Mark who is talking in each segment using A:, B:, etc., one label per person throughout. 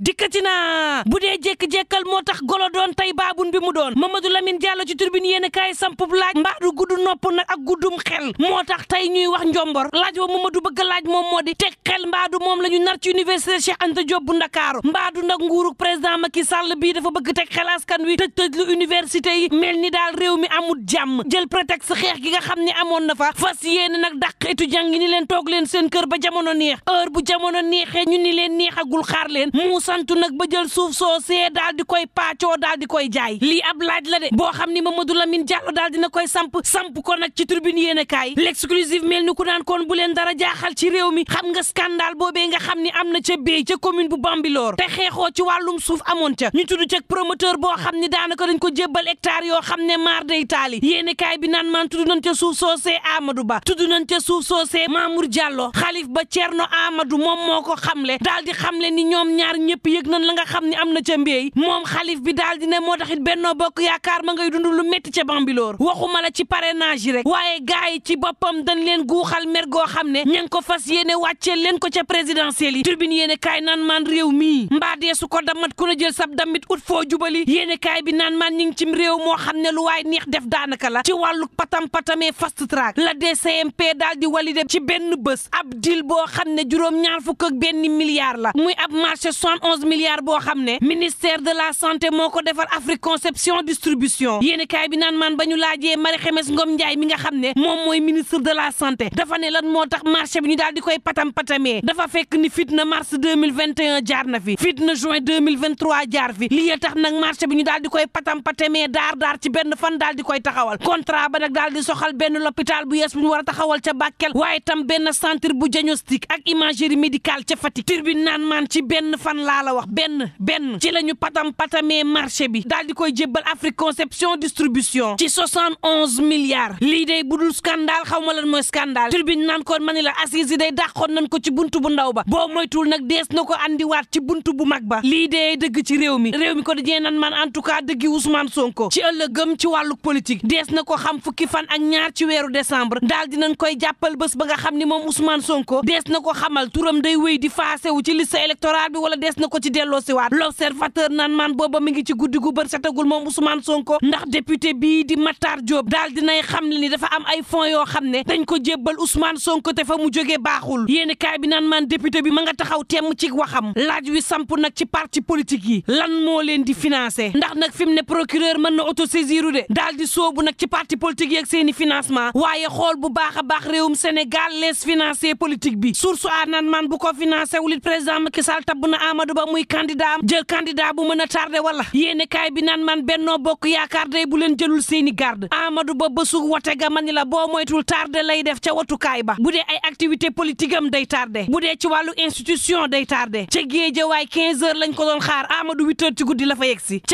A: dikkati naa bu dee jékki-jékkal moo tax golo doon tey baabun bi mu doon Mamadou Lamine Diallo ci turbine yéen kaay sampub laaj mbaadu gudd nopp nag ak guddum xel moo tax tey ñuy wax njombor laaj wa Mamadou bëgg laaj moom moo di teg xel mbaadu moom la ñu nar ci université Cheikh Anta Diop bu Ndakaaru mbaadu nag nguurug président Macky Sall bii dafa bëgg teg xel askan wi tëj tëj lu université yi mel ni daal réew mi amul jàmm jël prétexte xeex gi nga xam ni amoon na fa fas yéene nag dàq étudiant yi ni leen toog leen seen kër ba jamono neex bu jamono neexee ñu ni leen neexagul xaar santu nag ba jël suuf soosee daal di koy paacoo daal di koy jaay lii ab laaj la boo xam ni Mamadou Lamine Diallo daal dina koy samp samp ko nag ci tribune yéen a kaay l'exclusive mel ni ku naan kon bu leen dara jaaxal ci réew mi xam nga scandale boobee nga xam ni am na ca béy ca commune bu Bambilor te xeexoo ci wàllum suuf amoon ca ñu tudd ca promoteur boo xam ni daanaka dañ ko jébbal hectare yoo xam ne maar day taali yéen kaay bi naan man tudd nañ ca suuf soosee Amadou Ba tudd nañ ca suuf soosee Mamour Diallo xalif ba Thierno Amadou moom moo ko xamle daal di xamle ni ñoom ñaar ñëpp ñëpp yëg nañ la nga xam ne am na ca mbéy moom xalif bi daal di ne moo taxit Benno Bokk Yaakaar ma ngay dund lu métti ca Bambilor waxuma la ci parrainage yi rek waaye gars yi ci boppam dañ leen guuxal mer goo xam ne ña ko fas yéene wàcceel leen ko ca présidentielle yi turbine yéene kaay naan maan réew mi mbaa dee su ko damat ku na jël sab damit ut foo jubali yéene kaay bi naan maan ñi ngi cim réew moo xam ne lu waay neex def daanaka la ci wàllu patam patamee fast track la DCMP daal di walide ci benn bés ab dil boo xam ne juróom ñaar fukk ak benn milliard la muy ab marché soixante onze milliards boo xam ne ministère de la santé moo ko defar Afrique conception distribution yéen kaay bi naan maan ba ñu laajee Marie Khemesse Ngom Ndiaye mi nga xam ne moom mooy ministre de la santé dafa ne lan moo tax marché bi ñu daal di koy patam patamee dafa fekk ni fitna mars deux mille vingt et jaar na fi fitna juin deux mille vingt trois jaar fi lii tax nag marché bi ñu daal koy patam patamee daar daar ci benn fan daal di koy taxawal kontra ba nag daal di soxal benn l'hôpital bu yees bu ñu war taxawal ca Bakel waaye tam benn centre bu diagnostic ak imagerie médicale ca Fatick turbine naan maan ci benn fan laa la wax benn benn ci la ñu patam patamee marché bi daal di koy jébbal Afrique Conception Distribution ci 71 milliards lii day budul scandale xaw ma lan mooy scandale tribune naan koon ma ni la assise yi day dàqoon nañ ko ci buntu bu ndaw ba boo moytuwul nag dees na ko andiwaat ci buntu bu mag ba lii day dëgg ci réew mi réew mi ko dañee nan man en tout cas dëggi Ousmane Sonko ci ëllëgëm ci wàllu politique dees na ko xam fukki fan ak ñaar ci weeru décembre daal dinañ koy jàppal bés ba nga xam ni moom Ousmane Sonko dees na ko xamal turam day wéy di faasewu ci liste électorale bi wala dees na la ko ci delloo siwaat l'observateur nan man booba mi ngi ci guddi gu moom Ousmane Sonko ndax député bii di Matar Diop daal dinay xam ni dafa am ay fonds yoo xam ne dañ ko jébbal Ousmane Sonko te fa mu jógee baaxul yéeni kaay bi nan man député bi ma nga taxaw temm ci waxam laaj wi samp nag ci parti politique yi lan moo leen di financé ndax nag fi ne procureur mën na autosaisiru de daal di soobu nag ci parti politique yeeg seeni financement waaye xool a baax réewum Sénégal lees financé politique bi source a nan ba muy candidat am bu mën a tardé wala bi naan man bennoo bokk yaakaar day bu leen jëlul seeni gard Amadou Ba bésu wote ga man la boo moytul tardé lay def ca watukaay ba bu de ay activité politique am day tardé bu dee ci wàllu institution day tardé ca géejawaay 15 heures lañ ko doon xaar Amadou 8 heures ci guddi la fa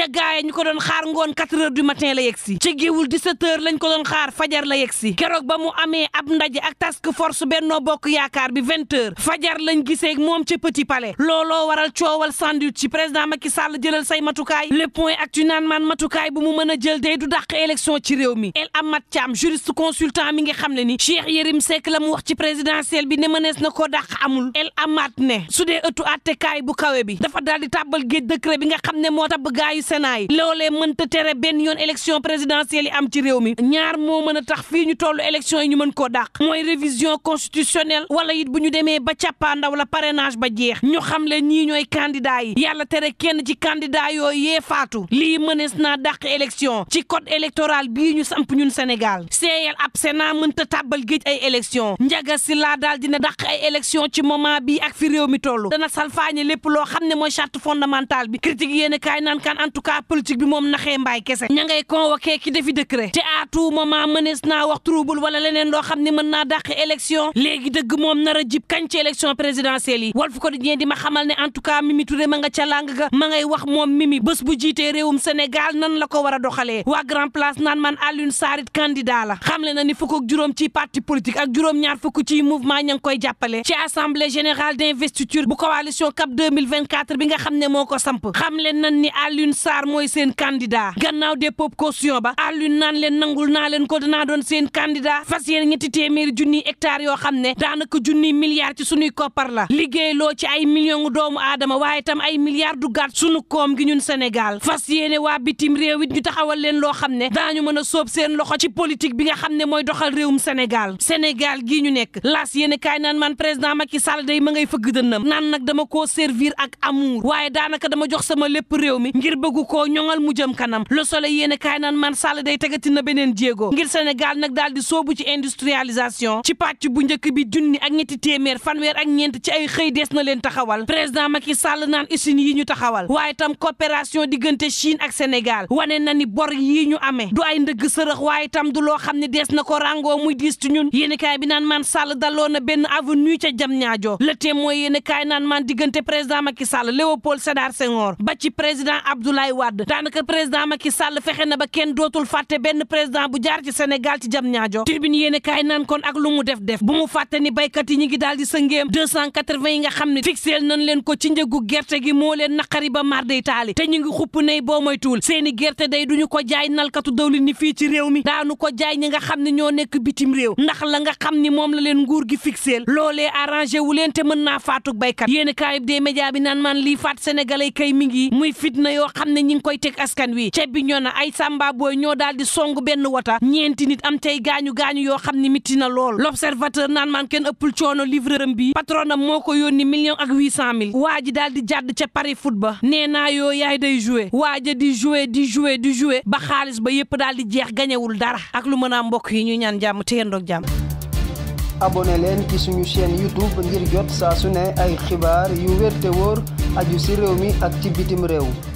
A: ca gaaya ñu ko doon xaar ngoon 4 heures du matin la yegg si ca géewul 17 heures lañ ko doon xaar fajar la yegg si keroog ba mu amee ab ndaje ak task force bennoo bokk yaakaar bi 20 heures fajar lañ gisee moom ca petit palais looloo coowal sandwich président Macky jëlal say matukaay le point actu naan maan matukaay bu mu mën a jël day du dàq élection ci réew mi El Amat Thiam juriste consultant mi ngi xam ne ni Cheikh Yérim Seck la mu wax ci présidentielle bi ne mënees na bu kawe bi dafa daal di tàbbal géej décret bi nga xam ne moo tabb gaayu Sénat yi loolee mënta tere benn yoon élection présidentielle yi am ci réew mi ñaar moo mën a tax fii ñu tollu élection yi ñu mën koo dàq mooy révision constitutionnelle wala it bu ñu demee ba càppaandaw la parrainage ba jeex ñu xam le ñii ñooy candidat yi yàlla tere kenn ci candidat yooyu yee faatu lii mënees naa dàq élection ci code électoral bii ñu samp ñun Sénégal seeyal ab Sénat mënta tàbbal géej ay élection njaga si laa daal dina dàq ay élection ci moment bi ak fi réew mi toll dana salfaañe lépp loo xam ne mooy charte fondamentale bi critique yéen kaay naan kan en tout cas bi moom naxee mbaay kese ña ngay convoqué ki defi décret te à tout moment mënees naa wax trouble wala leneen loo xam ne mën naa dàq élection léegi dëgg moom nar a jib kañ ci Mimi Touré ma nga ca lang ga ma ngay wax moom mi bés bu jiitee réewum Sénégal nan la ko war a doxalee waa grand place naan man Alioune Sarr it candidat la xamle na ni fukk ak juróom ci parti politique ak juróom-ñaar fukk ci mouvement ña ngi koy jàppale ci assemblée générale d'investiture bu coalition CAP 2024 bi nga xam ne moo ko samp xamle nan ni Alioune Sarr mooy seen candidat gannaaw dépôt caution ba Alioune nan leen nangul naa leen ko dinaa doon seen candidat fas yéene ñetti téeméeri junniy yoo xam ne daanaka junniy milliards ci sunuy koppar la liggéey ci ay millions doomu aadama waaye tam ay milliards du gaat sunu koom gi ñun Sénégal fas yéene waa bitim réew it ñu taxawal leen loo xam ne daañu mën a soob seen loxo ci politique bi nga xam ne mooy doxal réewum Sénégal Sénégal gii ñu nekk laas yéene kaay naan man président Macky Sall day ma ngay fëgg dënnam naan nag dama koo servir ak amour waaye daanaka dama jox sama lépp réew mi ngir bëgg koo ñoŋal mu jëm kanam Le Soleil yéene kaay naan man Sall day tegati na beneen jéego ngir Sénégal nag daal di ci industrialisation ci pàcc bu njëkk bi junni ak ñetti téeméer fanweer ak ñeent ci ay xëy na leen taxawal président Macky Sall naan usines yi ñu taxawal waaye tam coopération diggante Chine ak Sénégal wane na ni bor yi ñu amee du ay ndëgg sërëx waaye tam du loo xam ne dees na ko ràngoo muy diis ci ñun yéenekaay bi naan man Sall daloo na benn avenue ca Diamniadio Le Témoin yéenekaay naan man diggante président Macky Sall Léopold Sédar Senghor ba ci président Abdoulaye Wade daanaka président Macky Sall fexe na ba kenn dootul fàtte benn président bu jaar ci Sénégal ci Diamniadio Tribune yéenekaay mu def def bu mu fàtte ni béykat yi ñu ngi daal di sëngeem njëgu gerte gi moo leen naqari ba mar day taali te ñu ngi xupp nay boo moytuwul seeni gerte day duñu ko jaay nalkatu dawlin ni fii ci réew mi daanu ko jaay ñi nga xam ne ñoo nekk bitim réew ndax la nga xam ni moom la leen nguur gi fixeel loolee arrangé wu leen te mën naa faatuk baykat yéen kaayib des média bi naan maan lii faat sénégalais kay mi ngi muy fitna yoo xam ne ñi ngi koy teg askan wi ceeb bi ñoo na ay samba booy ñoo daal di song benn wata ñeenti nit a tey gaañu gaañu yoo xam ne mitti na lool l'observateur naan maan kenn ëppul coono livreur am bi patronam moo ko yónni million ak huit daal di jàdd ca Paris foot ba nee naa yoo yaay day joué waaja di joué di joué di joué ba xaalis ba yëpp daal di jeex gañewul dara ak lu mën a mbokk yi ñuy ñaan jàmm te yendoog jàmm abonné leen ci suñu chaîne youtube ngir jot saa su ne ay xibaar yu wér te wóor aju si réew mi ak ci bitim réew